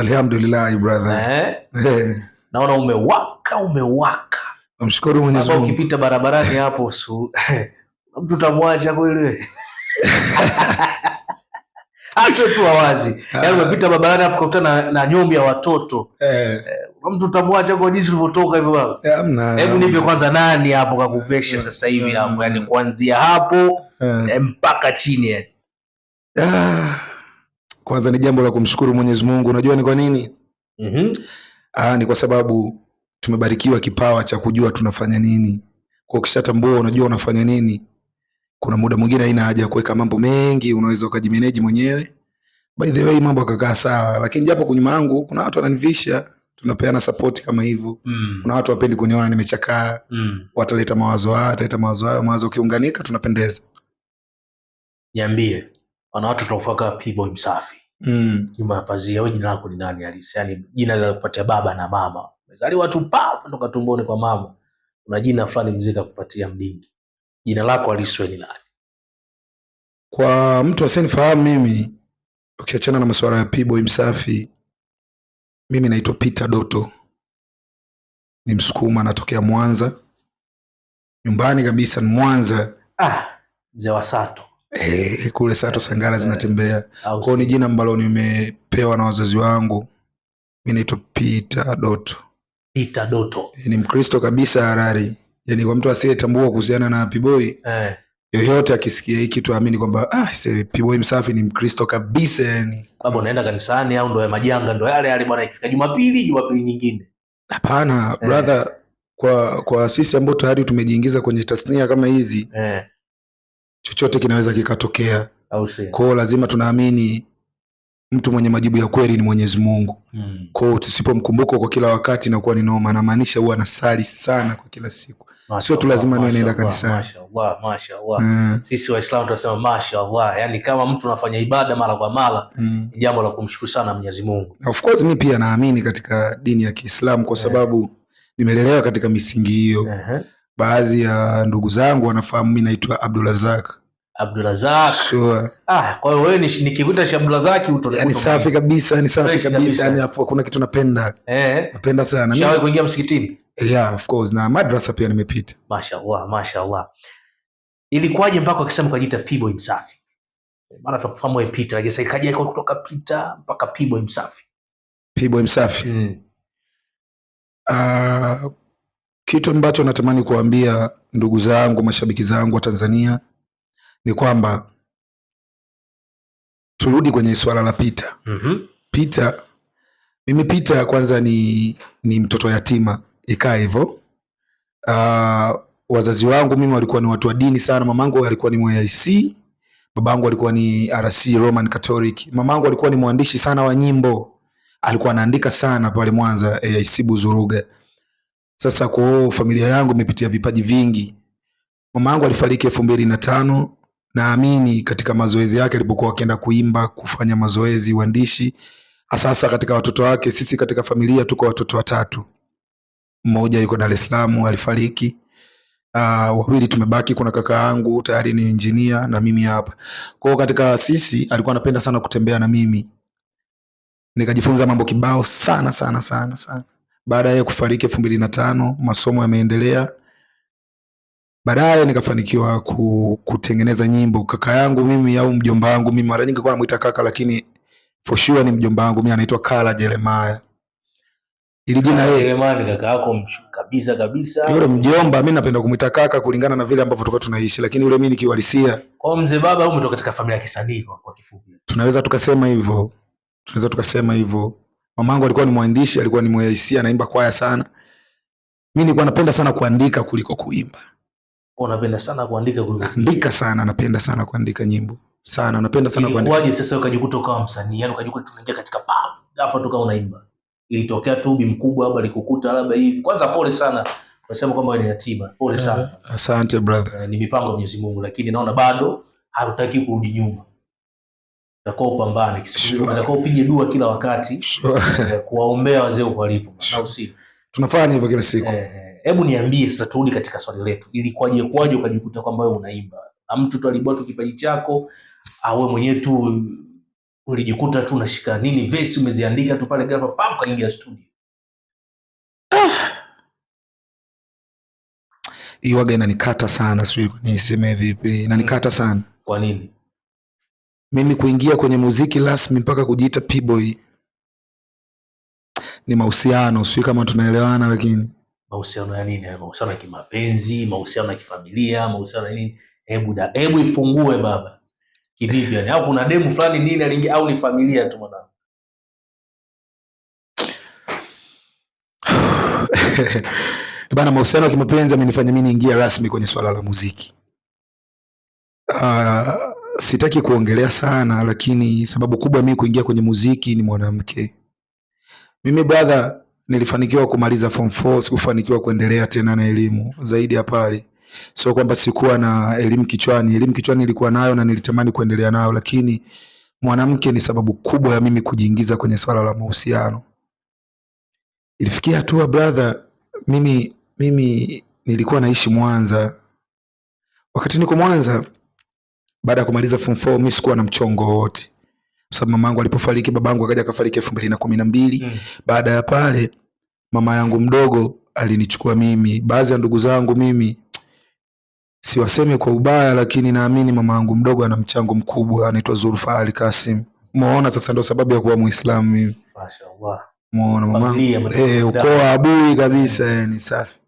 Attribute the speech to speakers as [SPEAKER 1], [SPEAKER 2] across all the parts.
[SPEAKER 1] Alhamdulillah brother.
[SPEAKER 2] Eh? Naona umewaka umewaka.
[SPEAKER 1] Namshukuru Mwenyezi
[SPEAKER 2] Mungu. Ukipita barabarani hapo su mtu utamwacha kweli. Acha tu wazi. Ah. Yaani umepita barabarani afu kukutana na na nyumba ya watoto. Eh. eh. Mtu utamwacha kwa jinsi ulivyotoka hivyo baba. Eh, hamna. Hebu nipe kwanza nani hapo kakuvesha eh. sasa hivi hapo. Yaani kuanzia hapo mpaka chini yani.
[SPEAKER 1] Ah. Kwanza ni jambo la kumshukuru Mwenyezi Mungu. Unajua ni kwa nini? mm -hmm. Aa, ah, ni kwa sababu tumebarikiwa kipawa cha kujua tunafanya nini. Kwa ukishatambua unajua unafanya nini, kuna muda mwingine haina haja ya kuweka mambo mengi, unaweza ukajimeneji mwenyewe. By the way, mambo akakaa sawa, lakini japo kunyuma yangu kuna watu wananivisha, tunapeana support kama hivyo mm. Kuna watu wapendi kuniona nimechakaa mm. Wataleta mawazo haya, wataleta mawazo hayo, mawazo ukiunganika tunapendeza.
[SPEAKER 2] Niambie Wana watu tunaofaga P-Boy Msafi. Mm. Nyuma ya pazia wewe jina lako ni nani halisi? Yani jina lilokupatia baba na mama. Umezaliwa tu pa kutoka tumboni kwa mama. Una jina fulani mzee kakupatia mdingi. Jina lako halisi ni nani?
[SPEAKER 1] Kwa mtu asinifahamu mimi, ukiachana na masuala ya pibo Msafi, mimi naitwa Peter Doto. Ni Msukuma, natokea Mwanza. Nyumbani kabisa ni Mwanza.
[SPEAKER 2] Ah, mzee wa Sato
[SPEAKER 1] eh, kule Sato eh, Sangara eh, zinatembea kwao. Ni jina ambalo nimepewa na wazazi wangu. Mimi naitwa Peter Doto.
[SPEAKER 2] Peter Doto
[SPEAKER 1] eh, ni Mkristo kabisa harari, yaani kwa mtu asiyetambua kuhusiana na Happy eh, yoyote akisikia hiki aamini kwamba ah, Happy Msafi ni Mkristo kabisa. Yani
[SPEAKER 2] baba, unaenda kanisani au ndo ya majanga ndo yale yale bwana, ikifika Jumapili Jumapili nyingine?
[SPEAKER 1] Hapana brother, eh, kwa kwa sisi ambao tayari tumejiingiza kwenye tasnia kama hizi eh chochote kinaweza kikatokea. Kwa hiyo lazima tunaamini mtu mwenye majibu ya kweli ni Mwenyezi Mungu. Mm. Kwa hiyo tusipomkumbuka kwa kila wakati inakuwa ni noma, na maanisha huwa anasali sana kwa kila siku. Sio tu lazima niwe naenda kanisani.
[SPEAKER 2] Mashaallah, mashaallah. Mm. Sisi Waislamu tunasema mashaallah, yani kama mtu anafanya ibada mara kwa mara mm, ni jambo la kumshukuru sana Mwenyezi Mungu.
[SPEAKER 1] Of course mimi pia naamini katika dini ya Kiislamu kwa eh. sababu yeah, nimelelewa katika misingi hiyo. Uh eh. -huh. Baadhi ya ndugu zangu wanafahamu mimi naitwa Abdulrazak
[SPEAKER 2] Abdulazak. Sure. Ah, kwa hiyo wewe nikikuta cha Abdulazak
[SPEAKER 1] utoni. Yaani safi kabisa, ni safi kabisa. Yaani afu kuna kitu napenda. Eh. Napenda sana.
[SPEAKER 2] Mimi. Shawahi kuingia msikitini?
[SPEAKER 1] Yeah, of course. Na madrasa pia nimepita.
[SPEAKER 2] Mashaallah, mashaallah. Ilikuwaje mpaka ukisema ukajiita P-boy msafi? Maana tunafahamu wewe Peter, lakini sasa ikaje kutoka Peter mpaka P-boy msafi?
[SPEAKER 1] P-boy msafi. Mm. Uh, kitu ambacho natamani kuambia ndugu zangu, mashabiki zangu wa Tanzania Mm ni kwamba turudi kwenye swala la Pita. mm -hmm. Pita, mimi Pita kwanza ni, ni mtoto yatima, ikaa hivyo. Uh, wazazi wangu mimi walikuwa ni watu wa dini sana. Mamangu alikuwa ni MIC, babangu alikuwa ni RC Roman Catholic. Mamangu alikuwa ni mwandishi sana wa nyimbo, alikuwa anaandika sana pale Mwanza AIC Buzuruga. Sasa kwa familia yangu imepitia vipaji vingi. Mamangu alifariki elfu mbili na tano naamini katika mazoezi yake alipokuwa akienda kuimba kufanya mazoezi uandishi, asasa katika watoto wake. Sisi katika familia tuko watoto watatu, mmoja yuko Dar es Salaam alifariki, uh, wawili tumebaki. Kuna kaka yangu tayari ni injinia na mimi hapa. Kwa hiyo katika sisi alikuwa anapenda sana kutembea na mimi, nikajifunza mambo kibao sana sana sana sana. Baada ya kufariki elfu mbili na tano masomo yameendelea Baadaye nikafanikiwa ku, kutengeneza nyimbo. Kaka yangu mimi au mjomba wangu mimi, mara nyingi kwa namuita kaka, lakini for sure ni mjomba wangu mimi, anaitwa Kala Jeremiah. Ili jina yeye
[SPEAKER 2] Jeremiah ni kaka yako kabisa kabisa.
[SPEAKER 1] Yule mjomba mimi napenda kumuita kaka kulingana na vile ambavyo tulikuwa tunaishi, lakini yule mimi nikiwalisia.
[SPEAKER 2] Kwa mzee baba au umetoka katika familia ya kisanii kwa kifupi.
[SPEAKER 1] Tunaweza tukasema hivyo. Tunaweza tukasema hivyo. Mamangu alikuwa ni mwandishi, alikuwa ni mwaisia anaimba kwaya sana. Mimi nilikuwa napenda sana kuandika kuliko kuimba.
[SPEAKER 2] Unapenda sana kuandika
[SPEAKER 1] kuliko andika sana, napenda sana kuandika nyimbo sana, napenda sana kuandika.
[SPEAKER 2] Waje sasa ukajikuta ukawa msanii? Yani ukajikuta tunaingia katika pub ghafla tukawa unaimba? Ilitokea tu bi mkubwa labda alikukuta labda hivi? Kwanza pole sana, unasema kwamba ni yatima, pole eh, sana.
[SPEAKER 1] Uh, Asante brother,
[SPEAKER 2] eh, ni mipango ya Mwenyezi Mungu, lakini naona bado hatutaki kurudi nyuma. Utakuwa upambane, kisiku sure. Utakuwa upige dua kila wakati
[SPEAKER 1] sure. Eh,
[SPEAKER 2] kuwaombea wazee walipo na usiku
[SPEAKER 1] tunafanya hivyo kila siku.
[SPEAKER 2] Eh, hebu eh, niambie sasa, turudi katika swali letu, ilikuwaje kwaje ukajikuta kwamba wewe unaimba? na Mtu tu alibua tu kipaji chako au wewe mwenyewe tu ulijikuta tu unashika nini vesi umeziandika tu pale ghafla pam kaingia studio? Ah.
[SPEAKER 1] Hii waga inanikata sana, sijui niseme vipi, inanikata sana. Kwa nini? Mimi kuingia kwenye muziki rasmi mpaka kujiita P-boy ni mahusiano, sijui kama tunaelewana, lakini
[SPEAKER 2] mahusiano ya nini? Mahusiano ya kimapenzi, mahusiano ya kifamilia, mahusiano ya nini? Hebu da, hebu ifungue baba, kivipi yani? Au kuna demu fulani nini aliingia, au ni familia tu mwanangu?
[SPEAKER 1] Bana, mahusiano ya kimapenzi amenifanya mimi niingia rasmi kwenye swala la muziki. Uh, sitaki kuongelea sana, lakini sababu kubwa mimi kuingia kwenye muziki ni mwanamke mimi brother nilifanikiwa kumaliza form 4, sikufanikiwa kuendelea tena na elimu zaidi ya pale. Sio kwamba sikuwa na elimu kichwani, elimu kichwani nilikuwa nayo na nilitamani kuendelea nayo, lakini mwanamke ni sababu kubwa ya mimi kujiingiza kwenye swala la mahusiano. Ilifikia hatua brother, mimi mimi nilikuwa naishi Mwanza. Wakati niko Mwanza, baada ya kumaliza form 4 mimi sikuwa na mchongo wote sababu mama yangu alipofariki, babangu akaja akafariki elfu mbili na kumi na mbili. Mm. Baada ya pale mama yangu mdogo alinichukua mimi, baadhi ya ndugu zangu mimi siwaseme kwa ubaya, lakini naamini mama yangu mdogo ana mchango mkubwa, anaitwa Zulfa Ali Kasim. Umeona, sasa ndo sababu ya kuwa Muislamu mimi.
[SPEAKER 2] Mashaallah.
[SPEAKER 1] mama mamangu, eh, ukoo abui kabisa, eh, ni safi.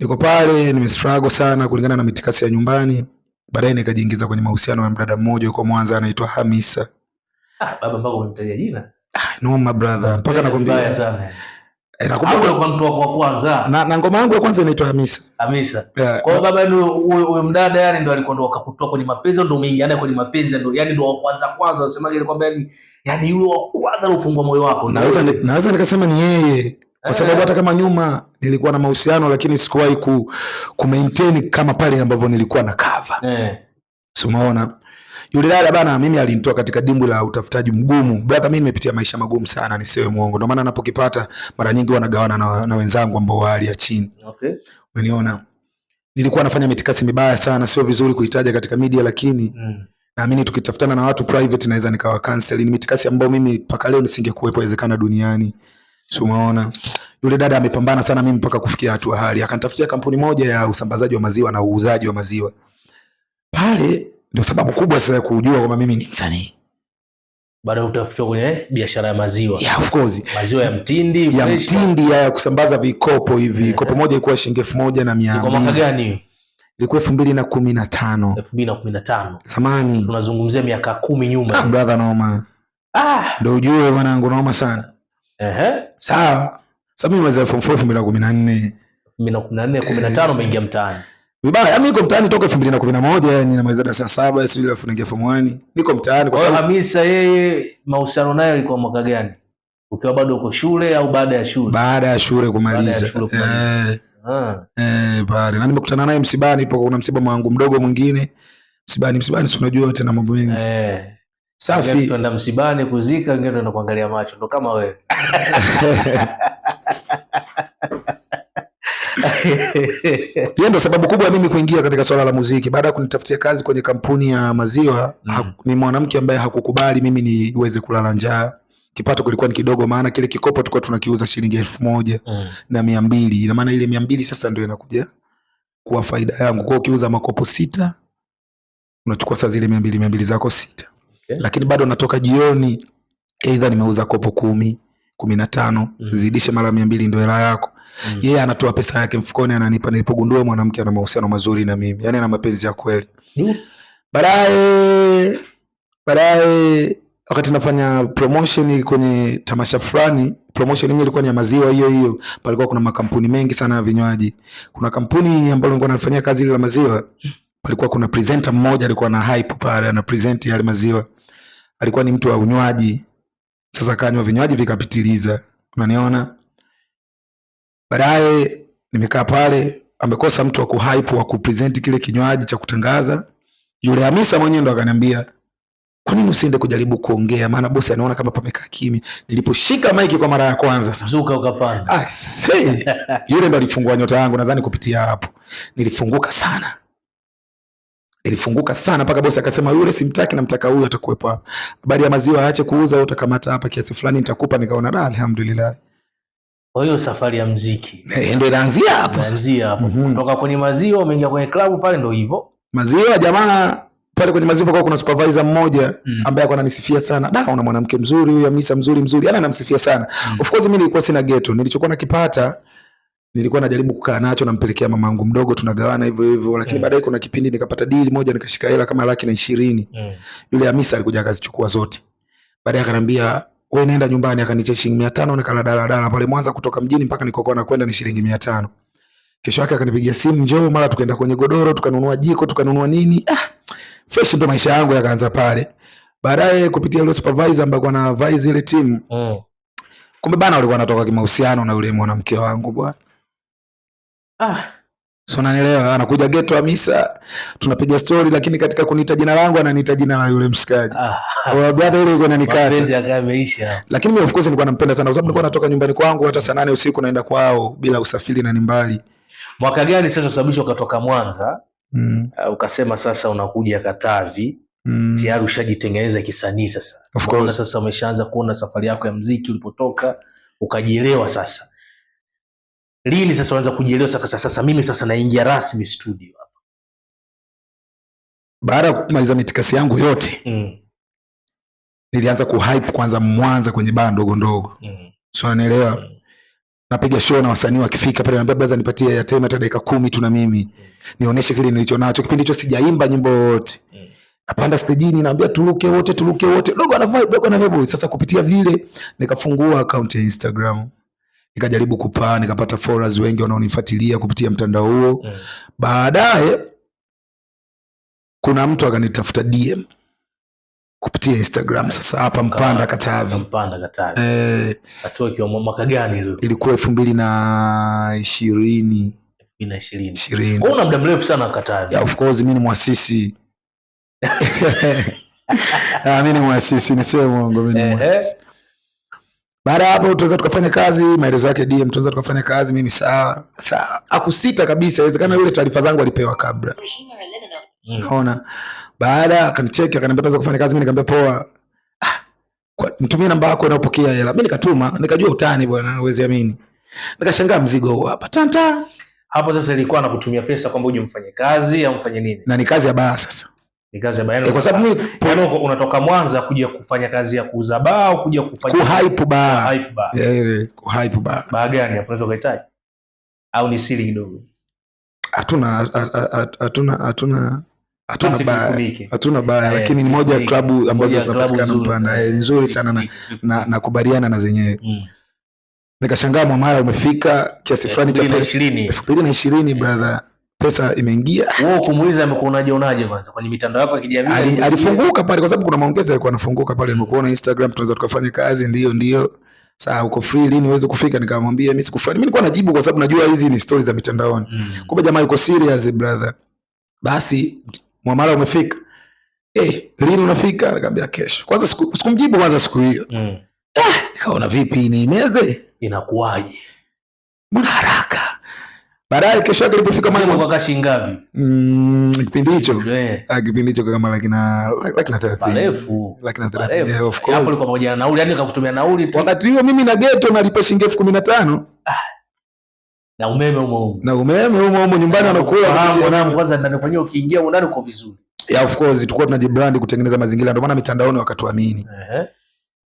[SPEAKER 1] Niko pale nimestruggle sana kulingana na mitikasi ya nyumbani Baadaye nikajiingiza kwenye mahusiano na mdada mmoja yuko Mwanza anaitwa Hamisa.
[SPEAKER 2] Ah, baba mpaka unitaja jina.
[SPEAKER 1] Ah, noma brother. Mpaka eh, nakwambia. Mbaya
[SPEAKER 2] sana. Eh, nakumbuka kwa mtu wa kwanza.
[SPEAKER 1] Na, na ngoma yangu ya kwanza inaitwa Hamisa. Hamisa. Yeah.
[SPEAKER 2] Kwa hiyo baba ndio huyo mdada yani ndio alikuwa ndo akakutoa kwenye mapenzi ndio umeingia ndani kwenye mapenzi ndio yani ndio wa kwanza kwanza unasemaje ile kwamba yani yani yule wa kwanza alofungua moyo wako.
[SPEAKER 1] Naweza naweza nikasema ni yeye kwa sababu hata kama nyuma nilikuwa na mahusiano lakini sikuwahi ku, ku maintain kama pale ambavyo nilikuwa na cover eh. So umeona yule dada bana, mimi alinitoa katika dimbwi la utafutaji mgumu. Brother, mimi nimepitia maisha magumu sana, nisiwe muongo. Ndio maana napokipata mara nyingi wanagawana na, na wenzangu ambao wa hali ya chini. Okay, umeniona nilikuwa nafanya mitikasi mibaya sana, sio vizuri kuitaja katika media lakini mm. Naamini tukitafutana na watu private naweza nikawa cancel. Ni mitikasi ambayo mimi mpaka leo nisingekuwepo, inawezekana duniani. Umeona, yule dada amepambana sana mimi mpaka kufikia hatua hali, akanitafutia kampuni moja ya usambazaji wa maziwa na uuzaji wa maziwa. Pale ndio sababu kubwa sasa ya kujua kwamba mimi ni msanii
[SPEAKER 2] baada ya utafutwa kwenye biashara ya maziwa.
[SPEAKER 1] Yeah, of course.
[SPEAKER 2] Maziwa ya mtindi,
[SPEAKER 1] ya mtindi ya kusambaza vikopo hivi. Yeah. Kopo moja ilikuwa shilingi elfu moja na mia. Kwa
[SPEAKER 2] mwaka gani?
[SPEAKER 1] Ilikuwa elfu mbili na kumi na tano.
[SPEAKER 2] Elfu mbili na kumi na tano. Zamani. Tunazungumzia miaka kumi nyuma.
[SPEAKER 1] Ah, brother noma. Ah. Ndio ujue mwanangu noma sana. Ehe. Sawa. Sasa mimi mwezi 2014.
[SPEAKER 2] 2014 15 umeingia mtaani.
[SPEAKER 1] Vibaya, Mimi yaani niko mtaani toka 2011 yani namaliza darasa saba sio ile naingia form 1. Niko mtaani
[SPEAKER 2] kwa sababu Hamisa yeye mahusiano naye alikuwa mwaka gani? Ukiwa bado uko shule au baada ya shule?
[SPEAKER 1] Baada ya shule kumaliza.
[SPEAKER 2] Eh.
[SPEAKER 1] Ah. Eh, pale. Na nimekutana naye msibani, ipo kuna msiba wangu mdogo mwingine. Msibani, msibani si unajua tena mambo mengi. Eh. Safi.
[SPEAKER 2] Tuenda msibani kuzika, wengine tuenda kuangalia macho, ndo kama wewe
[SPEAKER 1] hiyo ndo sababu kubwa mimi kuingia katika swala la muziki. Baada ya kunitafutia kazi kwenye kampuni ya maziwa mm. -hmm. ni mwanamke ambaye hakukubali mimi niweze kulala njaa. Kipato kulikuwa ni kidogo, maana kile kikopo tulikuwa tunakiuza shilingi elfu moja mm. -hmm. na mia mbili. Ina maana ile mia mbili sasa ndio inakuja kuwa faida yangu, kwa ukiuza makopo sita unachukua saa zile mia mbili mia mbili zako sita yeah. Lakini bado natoka jioni, aidha nimeuza kopo kumi kumi na tano mm. zidishe mara mia mbili ndo hela yako mm. yeye yeah, anatoa pesa yake mfukoni ananipa. Nilipogundua mwanamke ana mahusiano mazuri na mimi, yani ana mapenzi ya kweli mm. Baadaye baadaye wakati nafanya promotion kwenye tamasha fulani, promotion yenyewe ilikuwa ni ya maziwa hiyo hiyo. Palikuwa kuna makampuni mengi sana ya vinywaji. Kuna kampuni ambayo nilikuwa nalifanyia kazi ile la maziwa, palikuwa kuna presenter mmoja alikuwa na hype pale, ana present yale maziwa. mm alikuwa ni mtu wa unywaji, sasa kanywa vinywaji vikapitiliza, unaniona. Baadaye nimekaa pale, amekosa mtu wa kuhype wa kupresent kile kinywaji cha kutangaza. Yule Hamisa mwenyewe ndo akaniambia kwa nini usiende kujaribu kuongea, maana bosi anaona kama pamekaa kimya. Niliposhika maiki kwa mara ya kwanza sasa,
[SPEAKER 2] ukapanda
[SPEAKER 1] ah, yule ndo alifungua nyota yangu, nadhani kupitia hapo nilifunguka sana ilifunguka sana mpaka bosi akasema yule simtaki, namtaka huyu atakuwepo hapa. Habari ya maziwa aache kuuza au utakamata hapa kiasi fulani nitakupa. Nikaona da, alhamdulillah.
[SPEAKER 2] Kwa hiyo safari ya mziki
[SPEAKER 1] eh, ndio inaanzia hapo,
[SPEAKER 2] inaanzia hapo mm -hmm. Kutoka kwenye maziwa umeingia kwenye klabu pale, ndio hivyo
[SPEAKER 1] maziwa jamaa pale kwenye maziwa kwa kuna supervisor mmoja mm. ambaye alikuwa ananisifia sana, da, una mwanamke mzuri huyu Hamisa, mzuri mzuri, yani anamsifia sana mm. Of course mimi nilikuwa sina ghetto. nilichokuwa nakipata nilikuwa najaribu kukaa nacho, nampelekea mama yangu mdogo, tunagawana hivyo hivyo, lakini mm. baadaye kuna kipindi nikapata dili moja, nikashika hela kama laki na ishirini mm. yule amisa alikuja akazichukua zote, baadaye akanambia we naenda nyumbani, akanitia shilingi tano nikala daladala pale Mwanza kutoka mjini mpaka nilikokuwa nakwenda ni shilingi tano Kesho yake akanipigia simu, njoo, mara tukaenda kwenye godoro, tukanunua jiko, tukanunua nini. Ah, fresh ndo maisha yangu yakaanza pale. Baadaye kupitia yule supervisor ambaye kwa na advise ile timu mm. kumbe bana walikuwa wanatoka kimahusiano na yule mwanamke wangu bwana Ah, so unanielewa, anakuja geto wa misa, tunapiga story, lakini katika kuniita jina langu ananiita jina la yule msikaji. Ah, brother yule yuko nanikata. Mapenzi
[SPEAKER 2] yakameisha.
[SPEAKER 1] Lakini mimi of course nilikuwa nampenda sana kwa sababu nilikuwa natoka nyumbani kwangu hata saa nane usiku naenda kwao bila usafiri na ni mbali.
[SPEAKER 2] Mwaka gani sasa kusababisha ukatoka Mwanza? Mm. Uh, ukasema sasa unakuja Katavi. Mm. Tayari ushajitengeneza kisanii sasa. Of course. Sasa umeshaanza kuona safari yako ya mziki ulipotoka ukajielewa sasa lini sasa unaanza kujielewa sasa, sasa mimi sasa naingia rasmi studio hapa
[SPEAKER 1] baada ya kumaliza mitikasi yangu yote mm. nilianza kuhype kwanza Mwanza kwenye baa ndogo ndogo mm. so naelewa mm. napiga show na wasanii wakifika pale naambia baza nipatie ya tema hata dakika kumi tu na mimi mm. nionyeshe kile nilicho nacho. Kipindi hicho sijaimba nyimbo yote mm. napanda stejini naambia tuluke wote, tuluke wote, dogo ana vibe, dogo ana vibe. Sasa kupitia vile nikafungua account ya Instagram mm nikajaribu kupaa, nikapata followers wengi wanaonifuatilia kupitia mtandao huo mm. Baadaye kuna mtu akanitafuta DM kupitia Instagram. Mm. Sasa hapa Mpanda ah, Katavi,
[SPEAKER 2] Mpanda Katavi eh, hatua mwaka gani ile?
[SPEAKER 1] Ilikuwa elfu mbili na ishirini ishirini.
[SPEAKER 2] Una muda mrefu sana Katavi.
[SPEAKER 1] Yeah, of course mimi ni mwasisi ah, mi ni mwasisi, nisiwe mwongo, mi ni mwasisi baada ya hapo tunaweza tukafanya kazi, maelezo yake DM, tunaweza tukafanya kazi mimi saa saa akusita kabisa, inawezekana yule taarifa zangu alipewa kabla. Mm. Naona. Baada akanicheki akaniambia tunaweza kufanya kazi, mimi nikamwambia poa. Ah, kwa nitumie namba yako unayopokea hela. Mimi nikatuma, nikajua utani bwana, uwezi amini. Nikashangaa mzigo huu hapa. Tanta.
[SPEAKER 2] Hapo sasa ilikuwa anakutumia pesa kwamba uje mfanye kazi au mfanye nini?
[SPEAKER 1] Na ni kazi ya baa sasa. Ni kazi ambayo yani, eh, kwa sababu
[SPEAKER 2] yani unatoka Mwanza kuja kufanya kazi ya kuuza baa au kuja kufanya
[SPEAKER 1] kuhype baa. Hype baa. Eh, eh hype baa.
[SPEAKER 2] Baa gani hapo unaweza kuhitaji? Au ni siri kidogo?
[SPEAKER 1] Hatuna hatuna hatuna hatuna baa. Hatuna baa eh, lakini ni moja ya klabu ambazo zinapatikana Mpanda. Eh, nzuri sana na na na nakubaliana na zenyewe. Mm. Nikashangaa mwamara umefika kiasi fulani cha
[SPEAKER 2] elfu mbili
[SPEAKER 1] na ishirini brother pesa imeingia.
[SPEAKER 2] Wewe kumuuliza amekuwa unajionaje kwanza kwenye mitandao yako ya kijamii?
[SPEAKER 1] Alifunguka pale kwa sababu kuna maongezi alikuwa anafunguka pale, nimekuona Instagram, tunaweza tukafanya kazi, ndio ndio. Sasa uko free lini uweze kufika? Nikamwambia mimi sikufanya. Mimi nilikuwa najibu kwa sababu najua hizi ni stories za mitandaoni. Mm. Kumbe jamaa yuko serious brother. Basi mwamala umefika. Eh, lini unafika? Nikamwambia kesho. Kwanza sikumjibu siku kwanza siku hiyo. Mm. Eh, nikaona vipi ni meze?
[SPEAKER 2] Inakuwaje?
[SPEAKER 1] Mbona haraka? Baadaye kesho yake ilipofika mali
[SPEAKER 2] kwa kashi ngapi?
[SPEAKER 1] Mm, kipindi hicho. Eh. Ah, kipindi hicho kama laki na laki na 30.
[SPEAKER 2] marefu, Laki na 30. Yeah, of course. Hapo ilikuwa pamoja na nauli, yani akakutumia nauli. tu.
[SPEAKER 1] Wakati huo mimi na ghetto nalipa shilingi 1015.
[SPEAKER 2] Ah. Na umeme humo humo.
[SPEAKER 1] Na umeme humo humo nyumbani eh, wanakula.
[SPEAKER 2] Mwanangu kwanza ndani kwenyewe ukiingia ndani uko vizuri.
[SPEAKER 1] Yeah, of course tulikuwa tunajibrand kutengeneza mazingira ndio maana mitandaoni wakatuamini.
[SPEAKER 2] Ehe.